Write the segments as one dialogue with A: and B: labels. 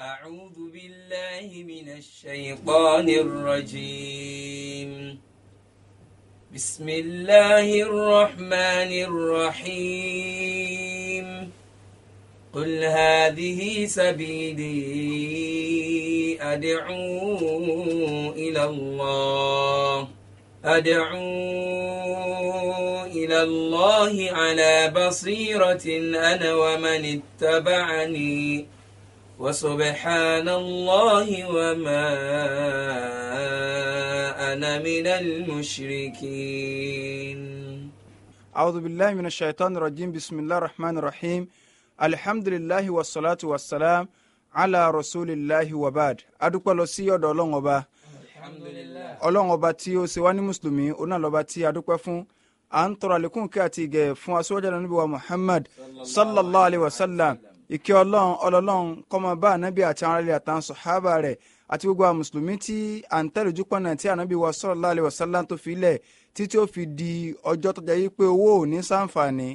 A: أعوذ بالله من الشيطان الرجيم بسم الله الرحمن الرحيم قل هذه سبيلي أدعو إلى الله أدعو إلى الله على بصيرة أنا ومن اتبعني وسبحان الله وما أنا من المشركين أعوذ بالله من الشيطان الرجيم بسم الله الرحمن الرحيم الحمد لله والصلاة والسلام على رسول الله وبعد adúpẹ́ lọ sí ọ̀dọ̀ ọlọ́run ọba ọlọ́run ọba tí ó ṣe wá ní mùsùlùmí òun náà lọ́ba tí adúpẹ́ fún à ń tọrọ àlékún kí àti ìgẹ̀ fún aṣọ́jà lọ́nà níbi wa Muhammad sallallahu alayhi wa sallam ìkẹ́ ọlọ́run ọlọ́lọ́run kọ́mọ bá ànábì àti àwọn aráàlú àtàwọn sọ̀hábà rẹ̀ àti gbogbo àwọn mùsùlùmí tí à ń tẹ̀lé ojú pọ̀nà tí ànábì wa sallallahu alaihi wasallam tó fi lẹ̀ títí ó fi di ọjọ́ tọ́jà yìí pé owó ò ní sàǹfààní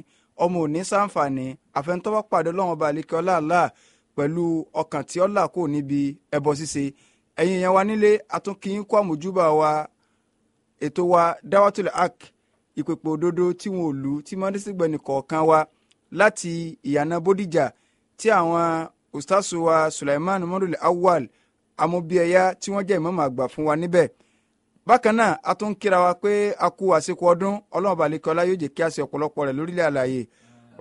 A: ọmọ ò ní sàǹfààní àfẹnutọ́wọ́ pàdé ọlọ́run ọba àlekẹ́ ọláàlá pẹ̀lú ọkàn tí ọlá kò níbi ẹbọ ṣíṣe ẹ̀yin èèyàn wa nílé atúnkìyín kó ak ìpèpè òdodo tí wọn ò lù tí mọ́ndésígbẹ̀ni kọ̀ọ̀kan wa láti ìyànà tí àwọn ustaasu wa Suleiman Murul Awal amóbíẹyá tí wọ́n jẹ́ ìmáàmù àgbà fún wa níbẹ̀ bákan náà a tún kíra wa pé a kú àsìkò ọdún ọlọ́run balẹ̀kọ́lá yóò jẹ́ kí a ṣe ọ̀pọ̀lọpọ̀ rẹ̀ lórílẹ̀ àlàyé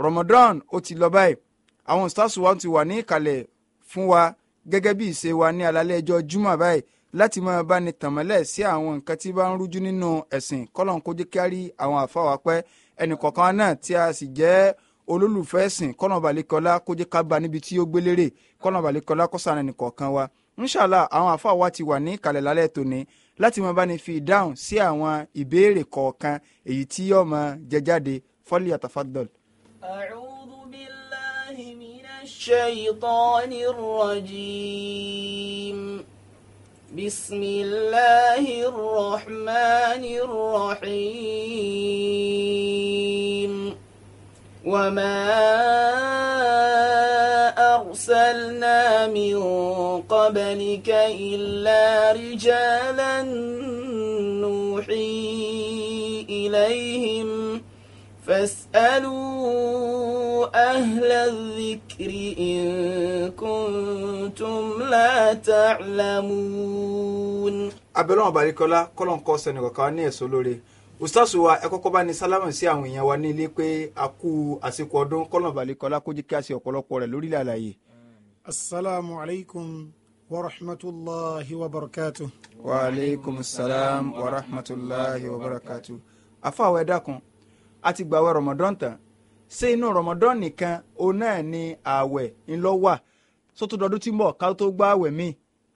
A: Ramadan ó ti lọ báyìí àwọn ustaasu wa ti wà ní ìkàlẹ̀ fún wa gẹ́gẹ́ bí ìṣe wa ní alálẹ́ ẹjọ́ júmọ̀ báyìí láti máa bá ní tànmọ́lẹ̀ sí àwọn nǹkan tí bá ń rújú nínú ẹ̀sìn kọ́lọ́n kó jẹ́ kárí àwọn àfáwà pẹ́ ẹnìkọ̀ọ̀kan náà tí a sì jẹ́ olólùfẹ́ ẹ̀sìn kọ́nà balẹ̀kọ́lá kó jẹ́ ká bá níbi tí ó gbélére kọ́nà balẹ̀kọ́lá kó sànà nìkọ̀ọ̀kan wa ńṣàlà àwọn àfa wa ti wà ní ìkàlẹ̀ lálẹ́ tòní láti máa bá ní fi ìdáhùn sí àwọn ìbéèrè kọ̀ọ̀kan èyí tí yóò máa jẹ jáde fọ́lì àtàfàdọ́l. A'udhu billahi minash shaytanir rajim. بسم الله الرحمن الرحيم وما أرسلنا من قبلك إلا رجالا نوحي إليهم فاسألوا أهل الذكر إن كنتم لا تعلمون أبلون بارك الله كلهم قوسين وكاني سلولي ustaasu wa ẹ kọ́kọ́ bá ní sálámà sí àwọn èèyàn wa ní ilé pé a kú àsìkò ọdún kọ́lọ̀bàlẹ́kọ́lá kó jẹ́ kí a ṣe ọ̀pọ̀lọpọ̀ rẹ̀ lórílẹ̀ àlàyé. asalaamu
B: alaykum wa rahmatulahi wa barakatu.
A: wa aleykum salaam wa rahmatulahi wa barakatu. afáwọ̀ ẹ dákun a ti gbàwẹ̀ rọmọdán tán ṣé inú rọmọdán nìkan òun náà ni ààwẹ̀ ńlọ wà sótúndọdún tí ń bọ̀ ká tó gbààwẹ̀ míì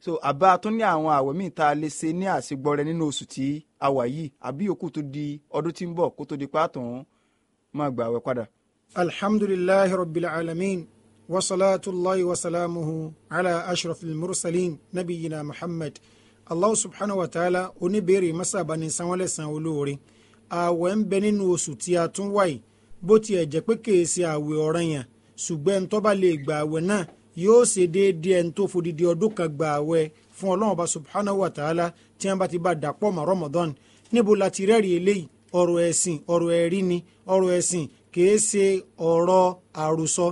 A: so àbá tún ní àwọn àwẹ̀ míì tá a lè ṣe ní àṣegbọrẹ nínú oṣù tí a wà yìí àbí yòókù tó di ọdún tí ń bọ̀ kó tó di pàtàn máa gbà àwẹ̀ padà. alhamdulilayi rabbil alamin wasalaatullahi wasalaamuhu ala
B: ashrafil mursalin nabiyina muhammad allah subhanahu wa ta'ala oníbèrè masabani sanwó-lẹ̀sán àwẹ̀ ń bẹ nínú oṣù tí a tún wáyé bó tiẹ̀ jẹ́ pé kèé ṣe àwẹ̀ ọ̀ranyàn ṣùgbọ́n lè gba àwẹ̀ náà yóò ṣe déédéé ẹni tó fòdìdí ọdún kan gba àwẹ̀ fún ọlọ́run ọba subhanahu wa ta'ala tí wọ́n bá ti bá dàpọ̀ mọ́ ramadan níbo la ti rẹ́rìí eléyìí ọ̀rọ̀ ẹ̀sìn ọ̀rọ̀ ẹ̀rí ni ọ̀rọ̀ ẹ̀sìn kìí ṣe ọ̀rọ̀ àròsọ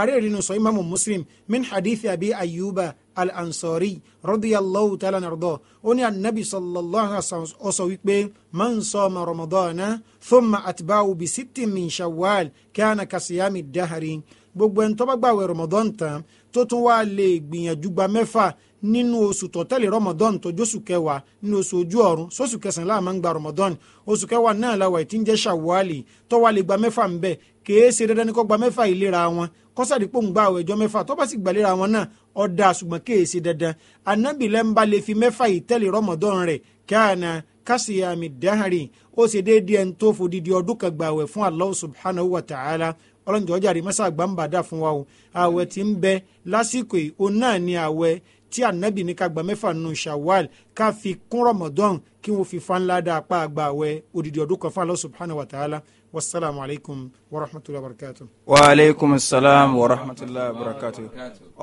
B: àrẹ́rìnú sọ imamu muslim min hadithi abi ayuba al-ansori radiyallahu ta'ala nàrdọ̀ ó ní anabi sallallahu alaihi wasallam ó sọ wípé man soma ramadana thumma atba'u bi sittin min shawwal kana kasiyami dahari gbogbo ẹni tó bá gbàwẹ̀ ramadan tán tó tún wá lè gbìyànjú gba mẹ́fà nínú oṣù tọ̀tẹ́lẹ̀ rọmọdọ́n tọjú oṣù kẹwàá nínú oṣù ojú ọ̀run sóṣù kẹsàn-án láàmú ń gba rọmọdọ́n oṣù kẹwàá náà làwà tí ń jẹ́ ṣàwálì tó wá lè gba mẹ́fà ń bẹ̀ kèé ṣe dandan ní kó gba mẹ́fà ìlera wọn kọ́sàdì pò ń gba àwọn ẹjọ́ mẹ́fà tó bá sì gbàlera wọn náà ọ̀dà ṣùgbọ́n kèé ṣe dandan anábì lẹ́ńbà lè fi mẹ́fà ìtẹ́lẹ̀ rọmọdọ́n rẹ̀ káàna kásìyàmì dáhàrin ó ṣe déédéé ẹni tó fòdìdí ọdún kan gbààwẹ̀ fún Allah subhanahu wa ta'ala ọlọ́njọ́ jàre mọ́sá àgbàǹbà dà fún wa o ààwẹ̀ tí ń bẹ lásìkò yìí òun náà ni ààwẹ̀ tí ànábì ní ká gba mẹ́fà nù shawal ká fi kún ramadan kí wọ́n fi fanlá dá apá àgbà àwẹ̀ odidi ọdún kan fún Allah subhanahu wa ta'ala wasalaamu alaykum wa rahmatulahi
A: wa barakatu. wa aleykum salaam wa rahmatulahi wa barakatu.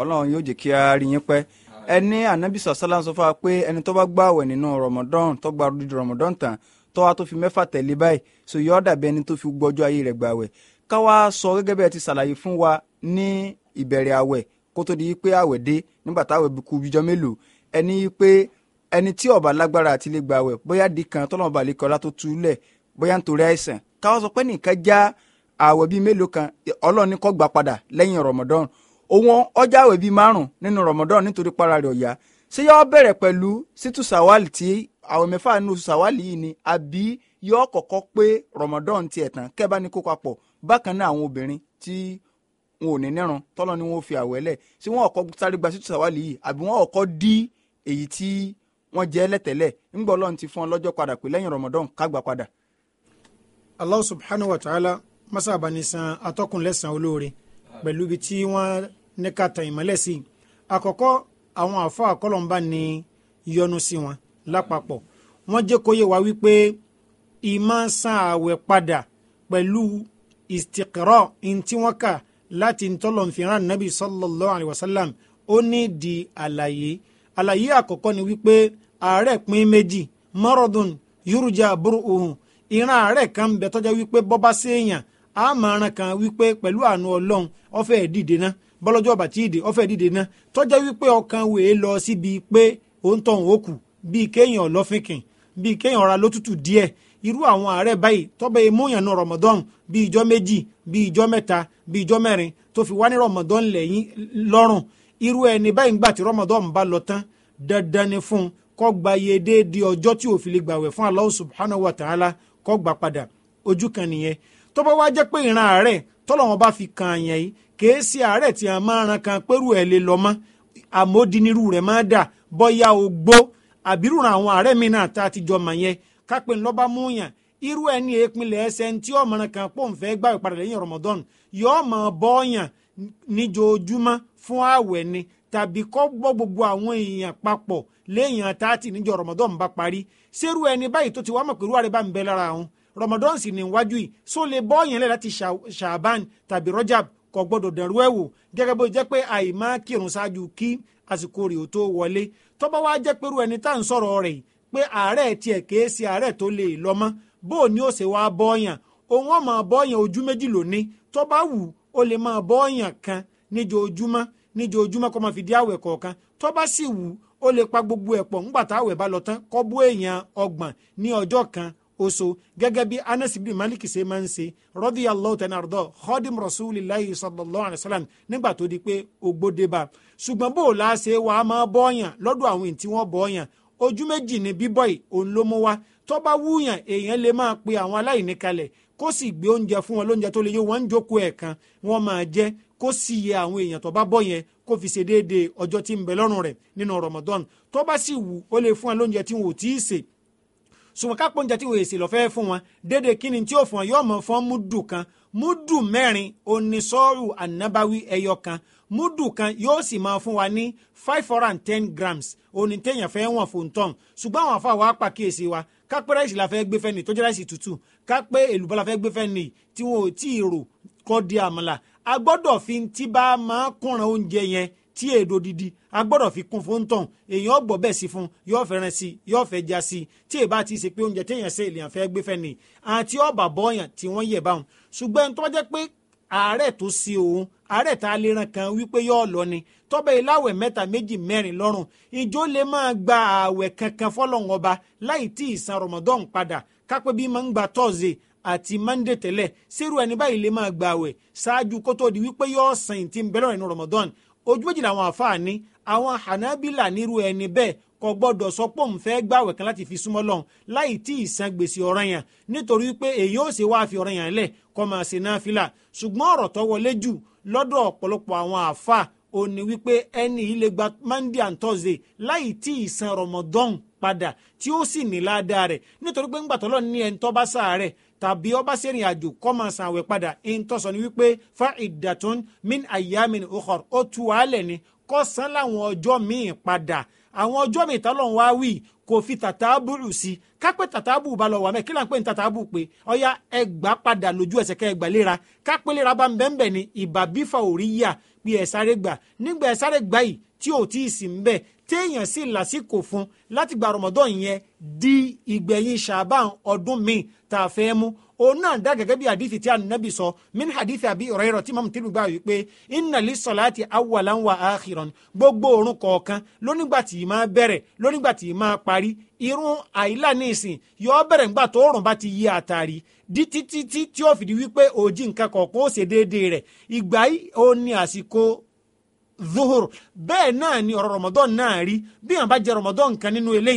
A: ọlọ́run yóò jẹ́ kí a rí yín pẹ́ ẹ ní ànábì sọ fún wa pé ẹni tó bá gba àwẹ̀ nínú ramadan tó gba odidi ramadan tán tó wá tó fi mẹ́fà tẹ̀lé báyìí so yóò dàbí ẹni tó fi gbọ́jọ́ ayé rẹ̀ gbàwẹ̀ ká wá sọ gẹ́gẹ́ bẹ́ẹ̀ ti ṣàlàyé fún wa ní ìbẹ̀rẹ̀ àwẹ̀ kó tó di pé àwẹ̀ dé nígbà táwẹ̀ kù bíjọ́ mélòó ẹni pé ẹni tí ó lágbára àti lè gba bóyá di kan tọ́lọ́mọ bá kọ́ látó tu lẹ̀ bóyá nítorí àìsàn ká wá sọ pé nìkan já àwẹ̀ bíi mélòó kan ọlọ́ọ̀ni kọ́ gbà padà lẹ́yìn Ramadan òun ọjà àwẹ̀ bíi márùn nínú Ramadan nítorí para rẹ̀ ọ̀yá ṣé yọ bẹ̀rẹ̀ pẹ̀lú sítú sàwálì tí àwẹ̀ mẹ́fà nínú sàwálì yìí ni àbí yọ kọ́kọ́ pé Ramadan tiẹ̀ tán kẹ́ bá ní kó papọ̀ bákan náà àwọn obìnrin tí wọn ò ní nírun tọ́lọ́ ni wọ́n fi àwẹ̀ lẹ̀ ṣé wọ́n ọ̀kọ́ sáré gba sítú sàwálì yìí àbí wọ́n ọ̀kọ́ dí èyí tí wọ́n jẹ́ lẹ́tẹ̀lẹ̀ ńgbọ́ ọlọ́run ti fún ọ lọ́jọ́ padà pé lẹ́yìn Ramadan kágbà padà. Allah subhanahu wa ta'ala masa abanisan
B: atọ́kùn lẹ́sàn olóore pẹ̀lú ibi tí wọ́n ní ká tan ìmọ́lẹ̀ sí i àkọ́kọ́ àwọn àfọ àkọlọ́mbà ni yọ́nú sí wọn lápapọ̀ wọ́n jẹ́ kó yé wípé ìmọ̀ san àwẹ̀ padà pẹ̀lú istiqra ntí wọ́n kà láti ntọ́lọ́nfìràn nabi sallallahu alayhi wa sallam ó ní di àlàyé àlàyé àkọ́kọ́ ni wípé àárẹ̀ pín méjì mọ́rọ̀dùn yorùjá burú ohun ìran àárẹ̀ kan bẹ tọ́já wípé bọ́bá séèyàn àmọ̀ràn kan wípé pẹ̀lú àánú ọlọ́run ọ̀fẹ́ dìde ná bọ́lọ́jọ́ ọ̀bà ìdè ọ̀fẹ́ dìde ná tọ́já wípé ọkàn wèé lọ síbi pé òun tọ̀hún ó kù bíi kéèyàn ọ̀lọ́fínkìn bíi kéèyàn ra lótútù díẹ̀ irú àwọn àárẹ̀ báyìí tọ́bẹ̀ emóyàn nu rọmọdọ́n bíi ijọ́ méjì bíi ijọ́ mẹ́ta bíi ijọ́ mẹ́rin tó fi wá ní rọmọdọ́n lẹ́yìn lọ́rùn irú ẹni báyìí ńgbà tí rọmọdọ́n bá lọ tán dandan ni fún un kó gba iye déédéé ọjọ́ tí òfin lè gbàwẹ̀ fún Allah subhanahu wa ta'ala kó gbà padà ojú kan nìyẹn tó wá jẹ́ pé ìran àárẹ̀ tọ́lọ́wọ́n bá fi kan àyàn yìí kèé sí àárẹ̀ tí a máa ran kan pẹ́rù ẹ̀ lè lọ mọ́ àmódinirú rẹ̀ máa dà bọ́yá ogbó àbírùn àwọn ààrẹ mi náà tá a ti jọ mà yẹn kápẹ́ ńlọ́ba múyàn irú ẹni ìpínlẹ̀ ẹsẹ̀ tí ọ̀mọ̀ràn kan pò ń fẹ́ gbà ìpadà lẹ́yìn Ramadan yóò mọ̀ bọ́ọ̀yàn níjoojúmọ́ fún ààwẹ̀ ni tàbí kọ́ gbọ́ gbogbo àwọn èèyàn papọ̀ lẹ́yìn tààtì níjọ Ramadan bá parí sẹ́rù ẹni báyìí tó ti wá mọ̀ pẹ̀lú àrẹ bá ń bẹ lára àwọn Ramadan sì ní wájú yìí só lè bọ́ọ̀yàn lẹ́ láti Sha'ban tàbí Rajab kò gbọ́dọ̀ dẹ̀rú ẹ̀ wò gẹ́gẹ́ bó jẹ́ pé àìmá kírun ṣáájú kí àsìkò rẹ̀ ò tó wọlé tọ́ba wá jẹ́ pẹ̀rú ẹni tá à ń sọ̀rọ̀ rẹ̀ pé ààrẹ tiẹ̀ kéé sí ààrẹ tó lè lọ mọ́ bó ni ó ṣe wá bọ́ọ̀yàn òun ọ̀ máa bọ́ọ̀yàn ojú méjì lónìí tọ́ba wù ó lè máa bọ́ọ̀yàn kan níjoojúmọ́ níjoojúmọ́ kó máa fi dí àwẹ̀ kọ̀ọ̀kan tọ́ba sì wù ó lè pa gbogbo ẹ̀ pọ̀ ńgbà táwẹ̀ bá lọ tán kọ́ bó èèyàn ọgbọ̀n ní ọjọ́ kan oṣù gẹ́gẹ́ bí anas ibn malik ṣe máa ń ṣe radiyallahu ta'ala anhu khadim rasulillahi sallallahu alayhi wa sallam nígbà tó di pé ogbó dé ṣùgbọ́n bó o la ṣe wà á máa bọ́ọ̀yàn lọ́dọ̀ àwọn èyí tí wọ́n bọ́ọ̀yàn ojú méjì ni bíbọ̀ yìí òun ló mú wá tó bá wúyàn èèyàn lè máa pe àwọn aláìní kalẹ̀ kó sì gbé oúnjẹ fún wọn lóúnjẹ tó lè yó wọn ń jókòó ẹ̀kan wọn máa jẹ kó sì yẹ àwọn èèyàn tó bá bọ̀ yẹn kó fi ṣe déédéé ọjọ́ tí ń bẹ lọ́rùn rẹ̀ nínú Ramadan tó bá sì wù ó lè fún wọn lóúnjẹ tí wọn ò tí ì sè ṣùgbọ́n kápọ̀ oúnjẹ tí wọ́n èsì lọ́fẹ́ fún wọn dédé kí ni tí ó fún wọn yóò mọ̀ fún múdù kan múdù mẹ́rin onísọ́ọ̀rù ànábáwí ẹyọ kan múdù kan yóò sì máa fún wa ní five hundred and ten grams òní téèyàn fẹ́ wọ̀n fòǹtọ́n ṣùgbọ́n àwọn àfa wa pàkíyèsí wa kápẹ́ ráìsì la fẹ́ gbé fẹ́ni tó jẹ́ ráìsì tútù kápẹ́ èlùbọ́ la fẹ́ gbé fẹ́ni tí wọn ò tí ì rò kọ́ di àmàlà a gbọ́dọ̀ fi ti bá máa kúnran oúnjẹ yẹn tí èdò didi a gbọ́dọ̀ fi kún fún tán èèyàn gbọ́ bẹ́ẹ̀ sí fún yóò fẹ́ràn sí yóò fẹ́ já sí tí èèbá ti ṣe pé oúnjẹ téèyàn ṣe èèyàn fẹ́ gbé fẹ́ni àti ọ̀bà bọ́ọ̀yàn tí wọ́n yẹ̀ báwọn ṣùgbọ́n tó bá jẹ́ pé àárẹ̀ tó sí òun àárẹ̀ tá a lè ràn kan wípé yóò lọ ni tọ́bẹ̀ ìláwẹ̀ mẹ́ta méjì mẹ́rin lọ́rùn ìjọ lè máa gba ààwẹ̀ kankan fọlọ́run ọba láì tí ì san rọmọdọ́n padà kápẹ́ bí máa ń gba tọ́ọ̀sì àti mọ́ndé tẹ́lẹ̀ sẹ́rù ẹni báyìí lè máa gba ààwẹ̀ ṣáájú kó tó di wípé yóò san ìtì bẹ́lọ̀ nínú rọmọdọ́n ojú méjì làwọn àfààní àwọn hànábìlà nírú ẹni bẹ́ẹ̀ kò gbọ́dọ̀ sọ pé òun fẹ́ gbàwẹ̀ kan láti fi súnmọ́ lọ́hùn láì tí ì san gbèsè ọ̀ranyàn nítorí pé èyí ó sì wá fi ọ̀ranyàn lẹ̀ kó máa ṣe náfìlà ṣùgbọ́n ọ̀rọ̀ tó wọlé jù lọ́dọ̀ ọ̀pọ̀lọpọ̀ àwọn àáfàá ó ní wípé ẹni yìí lè gba monday and thursday láì tí ì san ramadan padà tí ó sì ní ládàá rẹ̀ nítorí pé ńgbà tọ́lọ́ ní ẹni tó bá sáàárẹ̀ tàbí ọba sẹ́rìn àjò kọ́ máa san àwẹ̀ padà ẹni tó ni wípé fa iddatun min ayamin ukhar ó tu wàhálẹ̀ ni kọ́ san láwọn ọjọ́ míì padà àwọn ọjọ́ míì tálọ̀ ń wá wí kò fi tàtàbùrù sí kápẹ́ tàtàbù bá lọ wà mẹ́ kí là ń pè ní tàtàbù pé ọ̀yà ẹgbàá padà lójú ẹsẹ̀ kẹ́ ẹgbàá léra kápẹ́ léra bá ń bẹ́ẹ̀ ni ìbà bífà ò rí yà pé ẹ̀ sáré gbà nígbà ẹ̀ sáré gbà yìí tí ò tí ì sì ń bẹ̀ téèyàn sì lásìkò fún láti gba rọmọdọ́ yẹn di ìgbẹ̀yìn ṣàbàn ọdún míì tá a fẹ́ mú òun náà dá bi bí hadithi tí anabi sọ min hadithi àbí t'i ma mamu tìlú gbaa wípé inna li salati awwalan wa akhiran gbogbo òrun kọ̀ọ̀kan lonigba t'i máa bẹ̀rẹ̀ lónígbà tí irun ayila ti yi di títí ti tí ó fìdí wípé òjì nǹkan kọ̀ọ̀kan ó igba zuhur náà ni náà rí bí di míì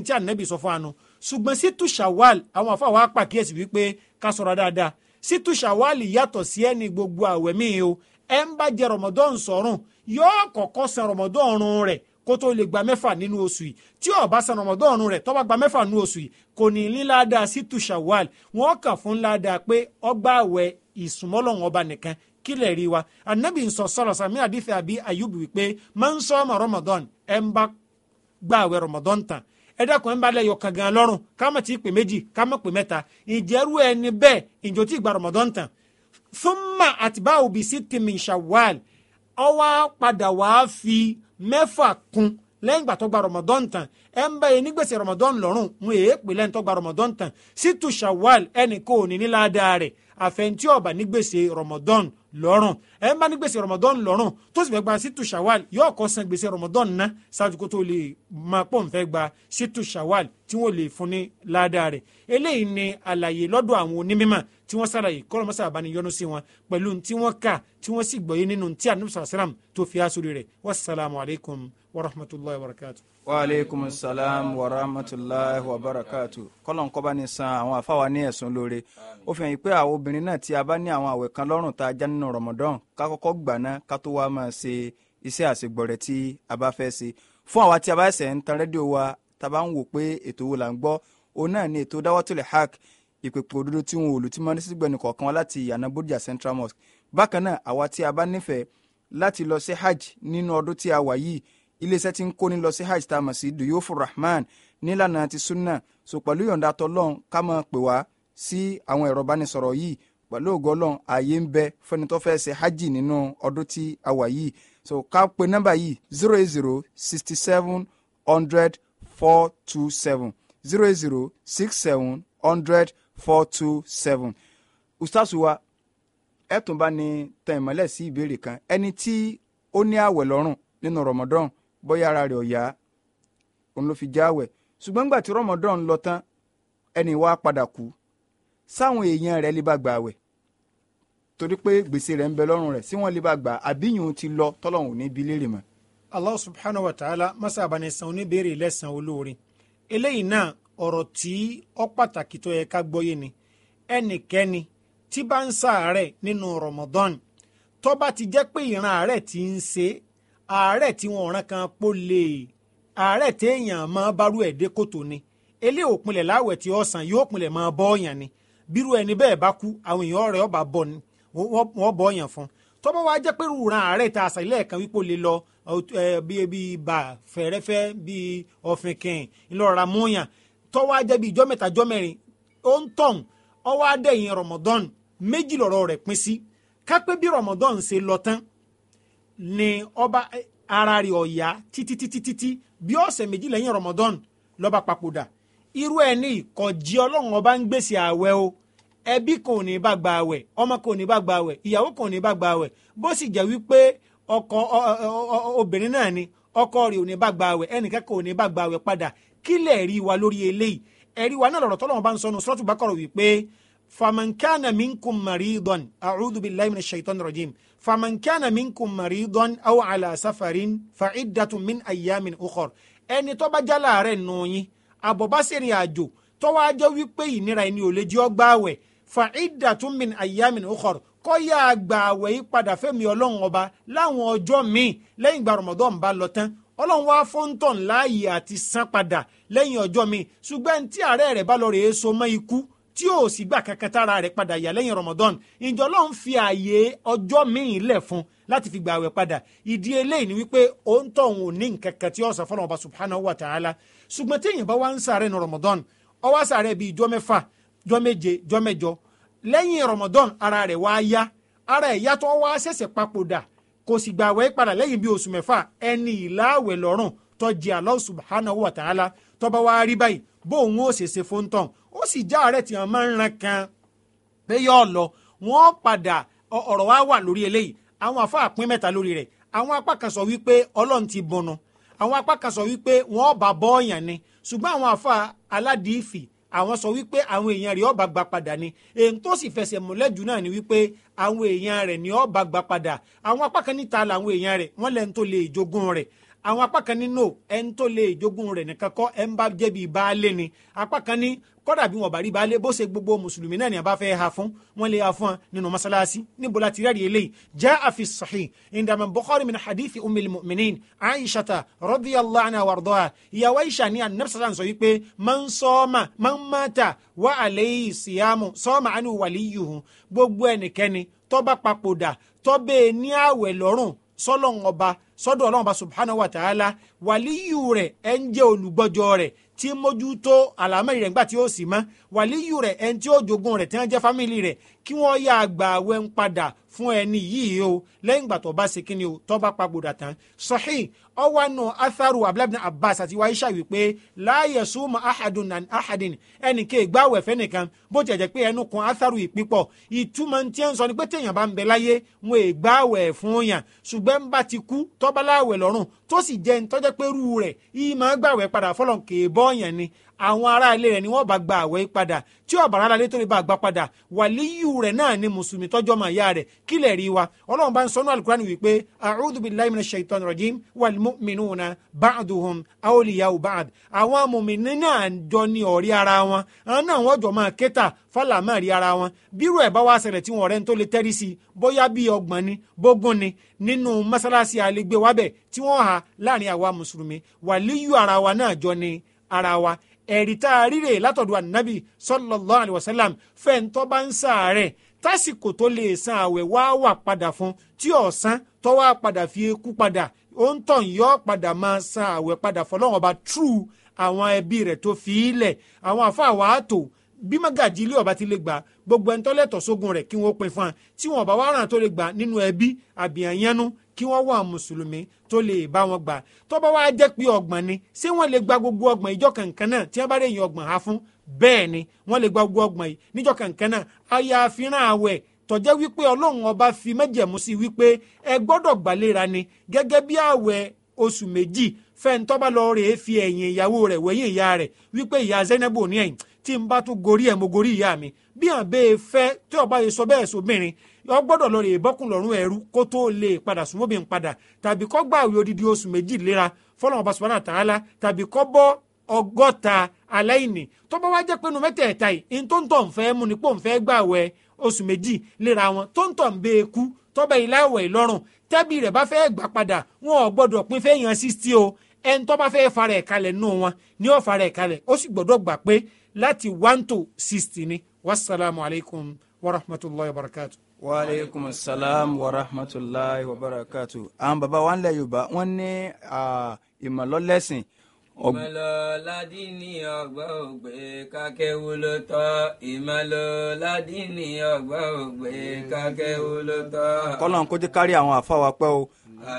B: ń sọ fún àánú ṣùgbọ́n situ shawal àwọn àfa wa pàkíyèsí wípé ká sọ̀rọ̀ dáadáa sítú ṣàwàl yàtọ̀ sí ẹni gbogbo àwẹ̀ míì o ẹ ń bá jẹ rọmọdọ́n sọ̀rùn yóò kọ́kọ́ san rọmọdọ́n ọ̀run rẹ̀ kó tó lè gba mẹ́fà nínú oṣù yìí tí ó bá san rọmọdọ́n ọ̀run rẹ̀ tó bá gba mẹ́fà nínú oṣù yìí kò ní líláàdá sítú ṣàwàl wọn kà fún ládàá pé ọgbà àwẹ̀ ìsúnmọ́lọ́hún ọba nìkan kílẹ̀ rí wa anabi nsọ sọ̀rọ̀ sami àdìsẹ́ àbí ayubi wípé máa ń sọ rọmọdọ́n ẹ ń bá gbààwẹ̀ rọmọdọ́n tán ẹ dákun ẹ ń balẹ̀ yọ kàngàn lọ́rùn ká má ti pè méjì ká má pè mẹ́ta ìjẹ́rú ẹni bẹ́ẹ̀ ìjọ tí ìgbà Ramadan tán súnmà àtibá òbí sí tìmí Shawwal ó wá padà wá fi mẹ́fà kún lẹ́yìn ìgbà tó gba Ramadan tán ẹ ń bá yẹn nígbèsè Ramadan lọ́rùn ń èé pè lẹ́yìn tó gba Ramadan tán sítú Shawwal ẹnì kò ní níláàdá rẹ̀ àfẹntí ọba nígbèsè rọmọdọ́n lọ́rùn ẹ ń bá nígbèsè rọmọdọ́n lọ́rùn tó sì fẹ́ gba sítù shawal yóò kọ́ san gbèsè rọmọdọ́n ná ṣáájú kó tó lè máa pọ̀ ń fẹ́ gba sítù shawal tí wọ́n lè fún ní ládàá rẹ̀ eléyìí ni àlàyé lọ́dọ̀ àwọn onímọ̀ tí wọ́n ṣàlàyé kọ́lọ́ mọ́sá àbáni yọ́nú sí wọn pẹ̀lú tí wọ́n kà tí wọ́n sì gbọ́yé nínú tí ànúbùsà sàlám tó fi aṣọ rẹ̀ wassalamu alaikum warahmatulahi wabarakatu.
A: waaleykum salaam warahmatulahi wabarakatu. kọ́lọ́n kọ́ bá ní san àwọn àfáwa ní ẹ̀sùn lóore ó fi hàn yí pé àwọn obìnrin náà tí a bá ní àwọn àwẹ̀ kan lọ́rùn tá a já nínú rọmọdán ká kọ́kọ́ gbà náà ká tó wá máa ṣe iṣẹ́ àṣegbọ̀rẹ̀ tí a bá fẹ́ ṣe fún àwa tí a bá ṣẹ̀ ń tan rédíò wa tá a bá ń wò pé ètò wo là ń gbọ́ òun náà ni ètò dáwọ́tòlẹ̀ hack ìpèpè òdodo tí wọn ò lù tí máa ń sígbẹ̀nì kọ̀ọ̀kan láti ìyànà bódìjà central mosque bákan náà àwa tí a bá nífẹ̀ẹ́ láti lọ sí hajj nínú ọdún tí a wà yìí iléeṣẹ́ tí ń kóni lọ sí hajj tá a mọ̀ sí duyofu rahman nílànà ti sunna so pẹ̀lú yọ̀ǹda tọ́lọ́n ká máa pè wá sí àwọn ẹ̀rọ bánisọ̀rọ̀ yìí pẹ̀lú ògọ́lọ́n ààyè ń bẹ fẹ́ni tó fẹ́ ṣe hajj nínú ọdún tí a wà yìí so ká pe nọ́mbà yìí zero eight zero sixty seven hundred four two seven zero eight zero six seven hundred four two seven ustazuwa wa ẹ tún bá ní tan ìmọ́lẹ̀ sí ìbéèrè kan ẹni tí ó ní àwẹ̀ lọ́rùn nínú Ramadan bóyá ara rẹ̀ ò òun ló fi jáwẹ̀ ṣùgbọ́n nígbà tí Ramadan lọ tán ẹni wá padà kú sáwọn èèyàn rẹ̀ lè bá gbà wẹ̀ torí pé gbèsè rẹ̀ ń bẹ lọ́rùn rẹ̀ sí wọ́n lè bá gbà àbíyùn ti lọ tọ́lọ́hún ní bí léèrè mọ́. Allah subhanahu wa ta'ala masa abanisan oníbèrè lẹ́sàn olóore
B: eléyìí náà ọ̀rọ̀ tí ó pàtàkì tó yẹ ká gbọ́yé ni ẹnikẹ́ni tí bá ń ṣàárẹ̀ nínú Ramadan tó bá ti jẹ́ pé ìran àárẹ̀ ti ń ṣe àárẹ̀ tí wọn ọ̀ràn kan pò lè àárẹ̀ téèyàn máa bárú ẹ̀ dé kòtò ni eléyìí òpinlẹ̀ láwẹ̀ tí ọ̀sán yóò pinlẹ̀ máa bọ́ ọ̀yàn ni bírú ẹni bẹ́ẹ̀ bá kú àwọn èèyàn ọ̀rẹ́ ọba bọ̀ ni wọ́n bọ̀ ọ̀yàn fún un tọ́mọ́ wa jẹ́ pé rúran àárẹ̀ ta àṣà ilé ẹ̀kan wípé o lè lọ bíi bà fẹ̀rẹ́fẹ́ bíi ọ̀fìn kẹ̀hìn ńlọra múyàn tọ́wọ́ ajẹ́ bíi ijọ́ mẹ́ta ijọ́ mẹ́rin ó ń tọ̀hún ọwọ́ adẹ́yìn Ramadan méjì lọ́rọ̀ rẹ̀ pín sí kápẹ́ bí Ramadan ṣe lọ tán ni ọba eh, ara rẹ̀ ọ̀yá títítítítí bí ọ̀sẹ̀ méjì lẹ́yìn Ramadan lọ́ba papòdà irú ẹ̀ ní ìkọ̀jí ọlọ́run ọba ń gbèsè ààwẹ̀ o ẹbí kan ò ní bá gba ààwẹ̀ ọmọ kan ní bá gba ààwẹ̀ ìyàwó kan ní bá gba ààwẹ̀ bó sì jẹ́ wípé ọkọ obìnrin náà ni ọkọ rẹ̀ ò ní bá gba ààwẹ̀ ẹnì kẹ́kọ̀ọ́ ní bá gba ààwẹ̀ padà kílẹ̀ rí wa lórí eléyìí ẹ̀rí wa náà lọ̀rọ̀ tọ́lọ́run bá ń sọnu sọ́tù bákọ̀rọ̀ wípé famankana minkum maridon a'udhu billahi minash shaitanir rajim faman kana minkum maridan aw ala safarin fa iddatun min ayyamin ukhor ẹni tó bá jálá rẹ̀ nù yín àbọ̀básẹ̀rìn àjò tó wá jẹ́ wípé ìnira ẹni ò lè jí ọ gbààwẹ̀ fa iddatun min ayyamin ukhor kọ́ yá gbààwẹ̀ yí padà fẹ́mi ọlọ́run ọba láwọn ọjọ́ míì lẹ́yìn ìgbà Ramadan bá lọ tán ọlọ́run wá fọ́ńtọ̀n láàyè àti san padà lẹ́yìn ọjọ́ míì ṣùgbọ́n tí àárẹ̀ rẹ̀ bá lọ rèé so mọ́ ikú tí ò sì gbà kankan tára rẹ̀ padà yà lẹ́yìn Ramadan ìjọ ló ń fi ààyè ọjọ́ míì lẹ̀ fún láti fi gbààwẹ̀ padà ìdí eléyìí ni wípé ó ń tọ̀hún ò ní nǹkan kan tí ó sọ fọlọ́n ọba subhanahu wa ta'ala ṣùgbọ́n téèyàn bá wá ń sàárẹ̀ ní Ramadan ó wá sàárẹ̀ bíi jọ́ mẹ́fà jọ́ méje jọ́ mẹ́jọ lẹ́yìn Ramadan ara rẹ̀ wá yá ara ẹ̀ yàtọ̀ wá ṣẹ̀ṣẹ̀ papòdà kò sì gbààwẹ̀ padà lẹ́yìn bíi oṣù mẹ́fà ẹni ìlàwẹ̀ lọ́rùn tó jẹ́ Allah subhanahu wa ta'ala tó ó sì já ààrẹ tí wọn máa ń ran kan pé yọ ọ lọ wọn padà ọ̀rọ̀ wa wà lórí eléyìí àwọn àfáà pín mẹ́ta lórí rẹ̀ àwọn apá kan sọ wípé ọlọ́run ti bọnu àwọn apá kan sọ wípé wọn bá bọ́ọ̀yàn ni ṣùgbọ́n àwọn àfáà aládìífì àwọn sọ wípé àwọn èèyàn rẹ̀ ọba gba padà ni èyí tó sì fẹsẹ̀ múlẹ̀ jù náà ni wípé àwọn èèyàn rẹ̀ ni ọba gba padà àwọn apá kan níta làwọn èèyàn rẹ̀ wọ́n lẹ́nu tó lè jogún rẹ̀ àwọn apá kan ní no ẹni tó lè jogún rẹ̀ nìkan kọ́ ẹ̀ ń bá jẹ́ bíi baálé ni apá kan ní kọ́dà bí wọ́n bá rí baálé bó ṣe gbogbo mùsùlùmí náà ni àbá fẹ́ ha fún wọn lè ha fún ọ nínú masalasi níbo la ti rẹ́ẹ̀rì eléyìí jaa fi sahih indama bukhari min hadithi umil mu'minin aishata radiyallahu anha wardoha ìyàwó aisha ni anabi sasa sọ wípé man sọ́ọ́mà man mata wa alayhi siyamu sọ́ọ́mà anu waliyuhu gbogbo ẹnikẹ́ni tó papòdà tó ní àwẹ̀ lọ́rùn sọ́lọ́ sọ́dọ̀ ọlọ́run bá subhanahu wa ta'ala wàlíyù rẹ̀ ẹ̀ ń jẹ́ olùgbọ́jọ rẹ̀ tí mójútó àlámẹ́rin rẹ̀ ńgbà tí ó sì mọ́ wàlíyù rẹ̀ ẹni tí ó jogun rẹ̀ tí wọ́n jẹ́ fámìlì rẹ̀ kí wọ́n yá àgbà àwẹ̀ ń padà fún ẹni yìí o lẹ́yìn ìgbà tó bá ṣe kíni o tó bá papòdà tán. sọ́hìn ọ̀wánù atharu abdullahi bin abbas àti waisha wípé láàyè súnmọ́ ahadun and ahadin ẹnì kejì gbàwẹ̀ fẹ́nìkan bó ti jẹ́ pé ẹnu kan atharu ìpípọ̀ ìtumọ̀ tí ń sọ ni pé téèyàn bá ń bẹ láyé wọn è gbàwẹ̀ fún yàn ṣùgbọ́n bá ti kú t tọ́ba láwẹ̀ lọ́rùn tó sì jẹ́ ní tọ́jẹ́ pé rú rẹ̀ yìí máa gbàwẹ̀ padà fọlọ́n kèébọ́ yẹn ni àwọn ará ilé rẹ̀ ni wọ́n bá gba àwẹ̀ padà tí ọ̀bà rárá lé tó lè bá gbà padà wàlíyù rẹ̀ náà ni mùsùlùmí tọ́jọ́ máa yá rẹ̀ kílẹ̀ rí wa ọlọ́run bá ń sọnú alukurani wípé a'udhu billahi minash shaitanir rajim wal mu'minuna ba'duhum awliya'u ba'd àwọn mùmìnì náà jọ ní ọ̀rí ara wọn àwọn náà wọ́n jọ máa kẹta fálà máa rí ara wọn bírò ẹ̀ bá wá ṣẹlẹ̀ tí wọ́n rẹ́ ń tó lè tẹ́rí sí bóyá bíi ọgbọ̀n ni bógún ni nínú mọ́sálásí àlegbè wábẹ̀ tí wọ́n hà láàrin àwa mùsùlùmí wàlíyù ara wa náà jọ ni ara wa ẹ̀rí tá a ríre látọ̀dọ̀ ànábì sallallahu alaihi wasallam fẹ́ǹtọ́ bá ń ṣàárẹ̀ tásìkò tó lè san àwẹ̀ wá wà padà fún tí ọ̀sán tó wá padà fi eku padà ó ń tàn yọ́ padà máa san àwẹ̀ padà fọlọ́wọ́n ọba true àwọn ẹbí rẹ̀ tó fi í lẹ̀ àwọn àfa wàá tò bí màgàjí ilé ọba ti lè gbà gbogbo ẹni tó lẹ́tọ̀ọ́ sógun rẹ̀ kí wọ́n pín fún un tí wọn ọba wá ràn tó lè gbà nínú ẹbí àbíyànyánú kí wọ́n wà mùsùlùmí tó lè bá wọn gbà tó bá jẹ́ pé ọgbọ̀n ni ṣé wọ́n lè gba gbogbo ọgbọ̀n ìjọ kankan náà tí wọ́n bá lè yan ọgbọ̀n ha fún bẹ́ẹ̀ ni wọ́n lè gba gbogbo ọgbọ̀n yìí níjọ kankan náà ayáfínà àwẹ̀ tọ́jẹ́ wípé ọlọ́run ọba fi májẹ̀mú sí wípé ẹ gbọ́dọ̀ gbàlera ni gẹ́gẹ́ bí àwẹ̀ oṣù méjì fẹ́ntọ́ba lọ rèé fi ẹ̀yìn ìyàwó rẹ̀ wẹ̀yìn ìyá rẹ̀ wípé ìyá Zainabu ní ẹ̀yìn tí n bá tún gorí ẹ̀ mo gorí ìyá mi bí hàn bẹ́ẹ̀ fẹ́ tí ọba yìí sọ bẹ́ẹ̀ sóbìnrin ọ gbọ́dọ̀ lọ rè é bọ́kùn lọ́rùn ẹ̀rú kó tó lè padà súnmọ́bìn padà tàbí kó gba àwẹ̀ odidi oṣù méjì léra fọlọ́n ọba subhanahu wa ta'ala tàbí kó bọ́ ọgọ́ta aláìní tó bá wá jẹ́ pé nu mẹ́tẹ̀ẹ̀ta yìí n tó ń tọ̀ ń fẹ́ mú ni pò ń fẹ́ gbà wẹ̀ oṣù méjì léra wọn tó ń tọ̀ ń bẹ́ẹ̀ kú tọ́bẹ̀ ilé àwẹ̀ ìlọ́rùn tẹ́bí rẹ̀ bá fẹ́ gbà padà wọn ò gbọ́dọ̀ pín fẹ́ yan sixty o ẹni tó bá fẹ́ fara ẹ̀ kalẹ̀ nù wọn ni ó fara ẹ̀ kalẹ̀ ó sì gbọ́dọ̀ gbà pé láti one to sixty ni wasalaamu alaykum wa rahmatulahi wa barakatu.
A: wa aleykum salaam wa rahmatulahi wa barakatu. àwọn baba wa ń lẹ yorùbá wọn ní ìmọ̀lọ́lẹ́sìn ìmọ̀lọ́ládì ní ọgbà ògbé kákẹ́wó ló tọ́ ìmọ̀lọ́ládì ni ọgbà ògbé kákẹ́wó ló tọ́. kọ́lọ́n kó jẹ́ kárí àwọn àfa wa pẹ́ o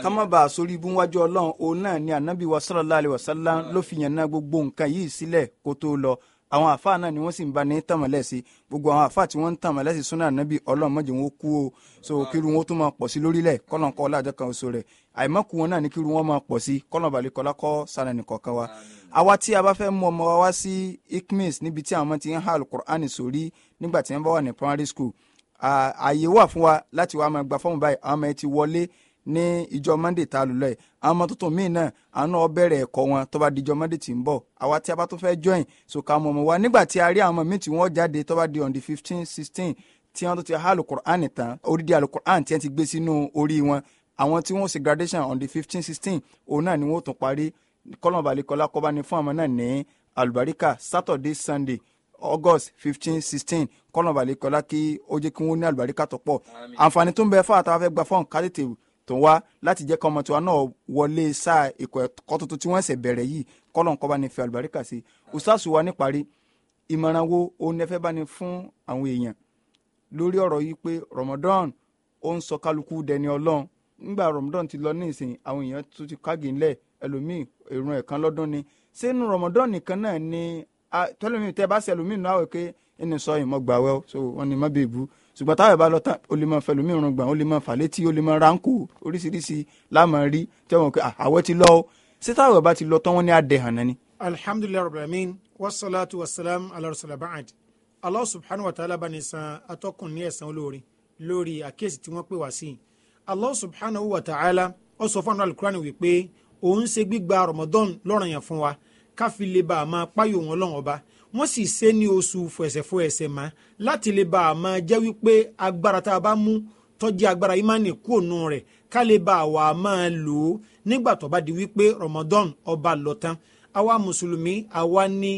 A: ká má bàa sórí ibú wájú ọlọ́run òun náà ni ànábì wa sallallahu alaihi wasallam ló fi yànnà gbogbo nǹkan yìí sílẹ̀ kó tó lọ àwọn àfáà náà ni wọ́n sì ń bá ní tàmọ́lẹ̀ gbogbo àwọn àfáà tí wọ́n ń tàmọ́lẹ̀ súnà nábì ọlọ́run wọn kú o so kíru wọn tún máa pọ̀ sí lórílẹ̀ kọ́nà kọ́ ọlájọ́ kan oṣù rẹ̀ àìmọ́kù wọn náà ni kíru wọn máa pọ̀ sí kọ́nà balẹ̀kọ́lá kọ́ sára nìkọ̀ọ̀kan wa. àwa tí a bá fẹ́ mú ọmọ wa sí ikmis níbi tí àwọn ọmọ ti ń ha alukur'an sórí nígbà tí wọ́n bá wà ní primary school ààyè wà fún wa láti wá máa ní ìjọ mọ́ndé tá a lò lọ́yẹ̀ àwọn ọmọ tuntun míì náà àwọn náà bẹ̀rẹ̀ ẹ̀kọ́ wọn tó bá di ìjọ mọ́ndé tí ń bọ̀ àwa tí a bá tún fẹ́ join so ká mọ̀ mọ̀ wá nígbà tí a rí àwọn míì tí wọ́n jáde tó bá di on the fifteen sixteen tí wọ́n tó ti há alukur'an tán odidi alukur'an tí wọ́n ti gbé sínú orí wọn àwọn tí wọ́n ṣe graduation on the fifteen sixteen òun náà ni wọ́n tún parí kọ́lọ́ọ̀bàlẹ́kọ́lá kọ́ba ni fún àwọn náà ní Saturday Sunday august fifteen sixteen kọ́nà balẹ̀kọ́lá kí ó jẹ́ kí wọ́n ní àlùbáríkà tó pọ̀ àǹfààní tó ń bẹ fáwọn àtàwọn afẹ́gbà fọ́ọ̀n ká tètè tó ń wá láti jẹ́ kọ́ ọmọ tiwa náà wọlé sáà ìkọ̀ ẹ̀kọ́ tuntun tí wọ́n ṣẹ̀ bẹ̀rẹ̀ yìí kọ́lọ́n kọ́ bá ní fi àlùbáríkà sí ustaasu wa níparí ìmọ̀ràn wo òun ẹ fẹ́ bá ní fún àwọn èèyàn lórí ọ̀rọ̀ yìí pé Ramadan ó ń sọ kálukú dẹni ọlọ́run nígbà Ramadan ti lọ ní ìsìn àwọn èèyàn tó ti kági ńlẹ̀ ẹlòmíì èrò ẹ̀kan lọ́dún ni sínú Ramadan nìkan náà ni tọ́lẹ́mì tẹ́ bá ṣẹlòmíì náà wẹ̀ pé ẹni sọ ìmọ̀gbàwẹ́ so wọ́n ni má bèbú ṣùgbọ́n táwọn ìbá lọ tán ó lè máa fẹ́ lómi ìrùn gbọ̀n ó lè máa fà létí ó lè máa ránkò oríṣiríṣi láàmú rí tí wọ́n pé àwẹ̀ ti lọ ṣé táwọn ìbá ti lọ tán wọ́n ní adẹ̀hàn náà ni.
B: alhamdulilayi rabbil amin wasalaatu wasalaam ala rasulillah ba'ad allah subhanahu wa ta'ala bani ní san atọ́kùn ní ẹ̀san olóore lórí àkíyèsí tí wọ́n pè wá sí allah subhanahu wa ta'ala ó sọ fún alukurani wípé òun ṣe gbígba ramadan lọ́ranyàn fún wa káfí lè bá a máa wọn lọ́wọ́ ọba wọ́n sì ṣe ní oṣù fẹ̀sẹ̀fọ ẹ̀sẹ̀ má láti lè bá a máa jẹ́ wípé agbára tá a bá mú tọ́jú agbára ìmánì kúrò nù rẹ̀ ká lè bá àwa máa lò ó nígbà tó bá di wípé Ramadan ọba lọ tán àwa mùsùlùmí àwa ni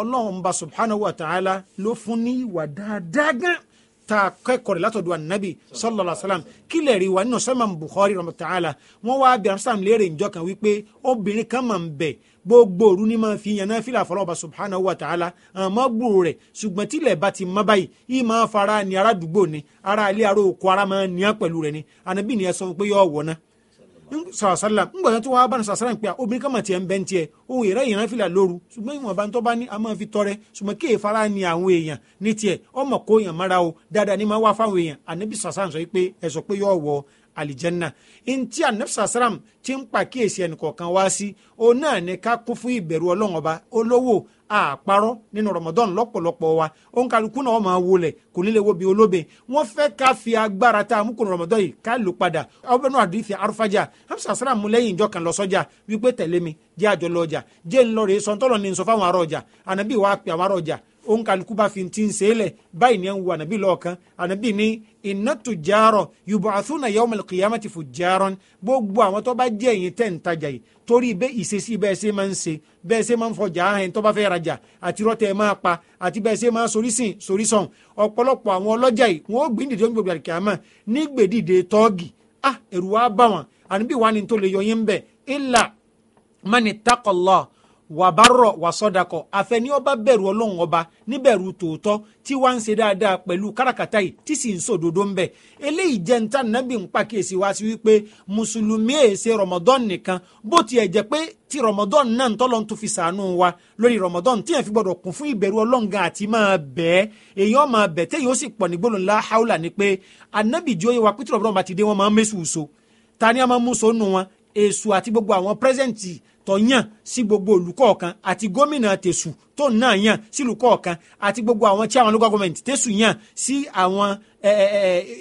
B: ọlọ́run bá subhanahu wa ta'ala ló fún ní ìwà dáadáa gan ta kẹ́kọ̀ọ́ rẹ̀ látọ̀dọ̀ ànábì sallallahu alaihi wasallam kí lè rí wa nínú sọ́mà Bukhari rahmatulah wọ́n wá bí amsterdam léèrè ìjọ kan wípé obìnrin kan máa ń bẹ̀ gbogbo òru ni máa fi yànnà fìlà fọlọ́ọ̀bà subhanahu wa ta'ala àmọ́ gbòòrò rẹ̀ ṣùgbọ́n tílẹ̀ bá ti mọ́ báyìí yìí máa fara ní ni ara ilé aró oko ara máa ní á pẹ̀lú rẹ̀ ni ànábì ni ẹ sọ pé yọ wọ̀ náà sàlàsàlà ńgbà tó wá bá ní sàlàsàlà ń pè obìnrin kan mà tiẹ̀ ń bẹ́ ń tiẹ̀ ohun ìrẹ́ ìyànná fìlà lóru ṣùgbọ́n ìwọ̀n bá ń tọ́ bá ní a máa fi tọrẹ ṣùgbọ́n ni àwọn èèyàn ní tiẹ̀ ọmọ kó èèyàn mára o ni máa wá fáwọn èèyàn ànábì sàlàsàlà sọ pé àlìjẹ́nà ntí anabisasalam ti ń pàkíyèsí ẹnìkọ̀ọ̀kan wá sí òun náà ní ká kún fún ìbẹ̀rù ọlọ́run ọba olówó àparọ́ nínú Ramadan lọ́pọ̀lọpọ̀ wa òun kálukú náà máa wọlé kò nílé wo bí olóbe wọ́n fẹ́ ká fi agbára tá a mú kùnú Ramadan yìí ká lò padà ọbẹ̀ náà àdúrà arúfájà anabisasalam lẹ́yìn ìjọ kan lọ sọ́jà wípé tẹ̀lé mi jẹ́ àjọ lọ ọjà jẹ́ ńlọrọ̀ sọ́ńtọ́lọ́ ni nsọ fáwọn ará òun kálukú bá fi ti ń ṣe é lẹ̀ báyìí ni ẹ̀ ń wo ànábì lọ́ọ̀kan ànábì ní iná tó jaarọ̀ yubathuna yawmal qiyamati fujjaran gbogbo àwọn tó bá jẹ́ ẹ̀yin tẹ̀ ń tajà yìí torí bẹ́ẹ̀ ìṣesí bẹ́ẹ̀ ṣe máa ń ṣe bẹ́ẹ̀ ṣe máa ń fọjà ahẹ́n tó bá fẹ́ rajà àti rọ́tẹ̀ máa pa àti bẹ́ẹ̀ ṣe máa sorísìn sorísàn ọ̀pọ̀lọpọ̀ àwọn ọlọ́jà yìí wọ́n ó wàbárọ̀ wàsọ́dakọ̀ àfẹni ọba bẹ̀rù ọlọ́run ọba níbẹ̀rù tòótọ́ tí wàá ń ṣe dáadáa pẹ̀lú káràkátà yìí tí sì ń sòdodo ń bẹ̀ eléyìí jẹ́ níta nàbì ń pàkíyèsí wá sí wípé mùsùlùmí è ṣe rọmọdọ́n nìkan bó tiẹ̀ jẹ́ pé ti rọmọdọ́n náà tọ́lọ́ tó fi sàánú wa lórí rọmọdọ́n tíyẹn fi gbọ́dọ̀ kún fún ìbẹ̀rù ọlọ́ngàn àti ni pé anábìjọ́ yẹ wa pété rọmọdọ́n bá ti dé wọn máa ń mẹ́sùn so ta èṣù àti gbogbo àwọn pírẹsẹ̀ǹtì tó yàn sí gbogbo olùkọ̀ọ̀kan àti gómìnà tẹ̀sù tó náà yàn sílùú kọ̀ọ̀kan àti gbogbo àwọn tí àwọn local government tẹ̀sù yàn sí àwọn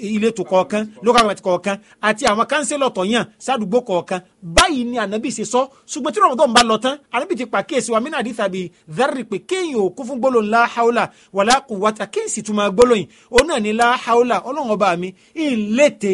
B: ìletò kọ̀ọ̀kan local government kọ̀ọ̀kan àti àwọn kánsílọ̀ tó yàn sádùúgbò kọ̀ọ̀kan báyìí ni ànábì ṣe sọ ṣùgbọ́n tí rọ̀mọdọ́n bá lọ tán ànábì ti pa kéèsì wa mínà àdìsá bíi dárì pé kéèyàn ò kún fún gbólóhùn la haula wàlá quwwata kéèsì tó máa gbólóhùn òun náà ni la haula ọlọ́run ọba mi ìlété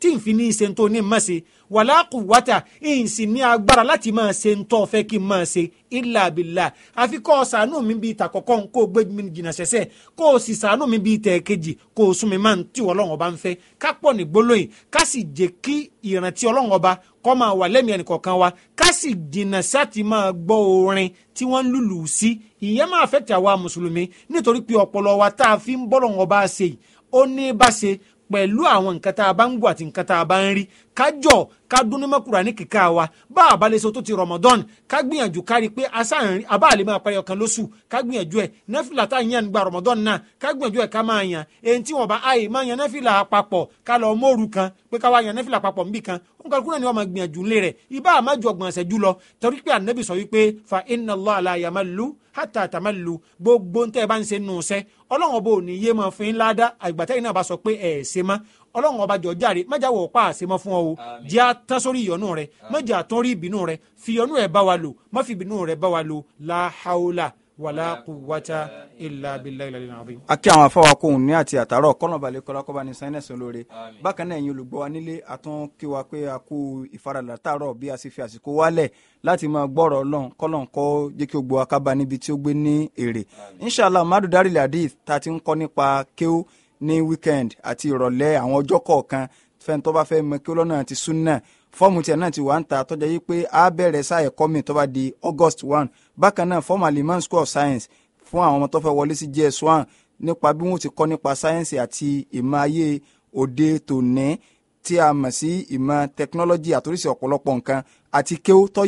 B: tí n fi ní ṣe tó ní máa ṣe wàlá quwwata n sì ní agbára láti máa ṣe ń tọ́ fẹ́ kí n máa ṣe illa billah àfi kó ṣàánú mi bíi tàkọ́kọ́ kó gbé mi jìnnà ṣẹ̀ṣẹ̀ kó o sì ṣàánú mi bíi tẹ̀ẹ̀kejì kó o sún mi máa ń tí ọlọ́run ọba ń fẹ́ ká pọ̀ ní gbólóyìn ká sì jẹ́ kí ìrántí ọlọ́run ọba kó máa wà lẹ́mìí ẹnìkọ̀ọ̀kan wa ká sì jìnnà sáti máa gbọ́ orin tí wọ́n lùlù sí ìyẹn máa fẹ́ tàwa mùsùlùmí nítorí pé ọpọlọ pẹ̀lú àwọn nǹkan tá a bá ń gbọ́ àti nǹkan tá a bá ń rí ká jọ ká dún ní mọ́kùrà ní kíkà wa bá a bá lè so tó ti Ramadan ká gbìyànjú ká rí i pé asáàrin àbá àlè máa parí ọkàn lóṣù ká gbìyànjú ẹ̀ nẹ́fìlà tá a yàn gba Ramadan náà ká gbìyànjú ẹ̀ ká máa yàn èyí tí wọ́n bá àyè máa yàn nẹ́fìlà papọ̀ ká lọ mọ́ọ̀rù kan pé ká wá yàn nẹ́fìlà papọ̀ níbì kan òun kan kúrò ní wọ́n máa fa inna Allah la yamallu hatta tamallu gbogbo ntẹ́ bá ń ṣe nù ọlọ́run ọba ò ní yé máa fún yín ládá àgbà tẹ́yìn náà bá sọ pé ẹ̀ ṣe mọ́ ọlọ́run ọba jọ járe mẹ́jà wọ̀ pa àṣemọ́ fún ọ o jẹ́ àtán sórí ìyọnú rẹ mẹ́jà àtán rí ìbínú rẹ fi ìyọnú rẹ bá wa lò má fi ìbínú rẹ bá
A: wa lò láhàólà wàlá quwwata illa billahi al-ali al-azim. a kí àwọn afáwa kóhùn ní àti àtàrọ kọ́nàbalẹ̀ kọ́lákọ́ba ní sáyẹ́nẹ̀sì olóore bákan náà ẹ̀yin olùgbọ́ wa nílé àtún kí wa pé a kú ìfaradà tààrọ̀ bí a sì fi àsìkò wálẹ̀ láti máa gbọ́rọ̀ ọlọ́run kọ́lọ́n kọ́ jẹ́ kí o gbọ́ akábá níbi tí ó gbé ní èrè. inshallah madu darila ladith ta ti ń kọ́ nípa kéw ní weekend àti ìrọ̀lẹ́ àwọn ọjọ́ kọ̀ọ̀kan fẹ́ni tó bá fẹ́ mọ kéw lọ́nà àti sunnah fọ́ọ̀mù tiẹ̀ náà ti wà ń ta tọ́jà yìí pé a bẹ̀rẹ̀ sáà ẹ̀kọ́ mi tó bá di August one bákan náà fọ́ọ̀mù Aliman School of Science fún àwọn ọmọ tó fẹ́ wọlé sí JS one nípa bí wọ́n ti kọ́ nípa sáyẹ́nsì àti ìmọ̀ ayé òde tòní tí a mọ̀ sí ìmọ̀ tẹkinọ́lọ́jì àtòrísí ọ̀pọ̀lọpọ̀ nǹkan àti kéwú tó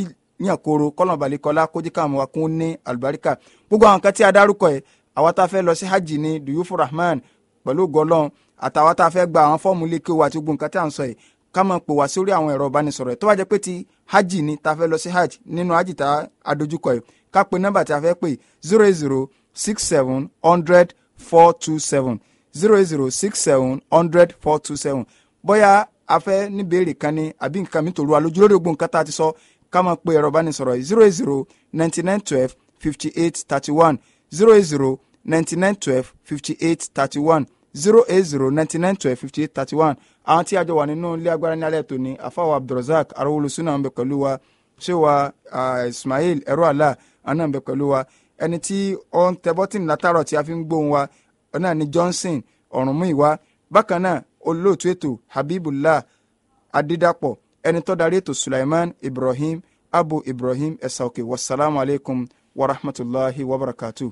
A: yàn kóró kọ́lọ̀ balẹ̀kọ́lá kójíkà àwọn akún ní àlùbáríkà gbogbo àwọn kan tí a dárúkọ ẹ̀ àwa tá a fẹ́ lọ sí hajj ní duyufu rahman pẹ̀lú gọlọ́n àtàwa tá a fẹ́ gba àwọn fọ́ọ̀mù ilé kéwú àti gbogbo tí à ń sọ yìí ká máa pè wá sórí àwọn ẹ̀rọ ìbánisọ̀rọ̀ tó bá jẹ́ pé ti hajj ni ta fẹ́ lọ sí hajj nínú hajj ta adójúkọ yìí ká pe nọ́mbà tí a fẹ́ pè zero eight zero six seven hundred four two seven zero eight zero six seven hundred four two seven bóyá a fẹ́ ní béèrè kan ni àbí nǹkan mi tòru alójú lórí gbogbo nǹkan tá a ti sọ ká máa pe ẹ̀rọ ìbánisọ̀rọ̀ yìí zero eight zero ninety nine twelve fifty eight thirty one zero eight zero ninety nine twelve fifty eight thirty one zero eight zero ninety nine twelve fifty eight thirty one àwọn tí àjọ wà nínú ilé agbára ní alẹ́ tòní afáwọ̀ abdulrasaq arúgbólosúnà ń bẹ pẹ̀lú wa ṣéwà ismail ẹ̀rọ àlà àná ń bẹ pẹ̀lú wa ẹni tí ó ń tẹ bọ́tìnì látàrọ̀ tí a fi ń gbóhùn wa náà ni johnson ọ̀rùnmúìwá bákan náà olóòtú ètò habibullah adídàpọ̀ ẹni tó darí ètò sulaiman ibrahim abu ibrahim ẹ̀sà òkè wasalaamu aleykum wa rahmatulahi wa barakatu.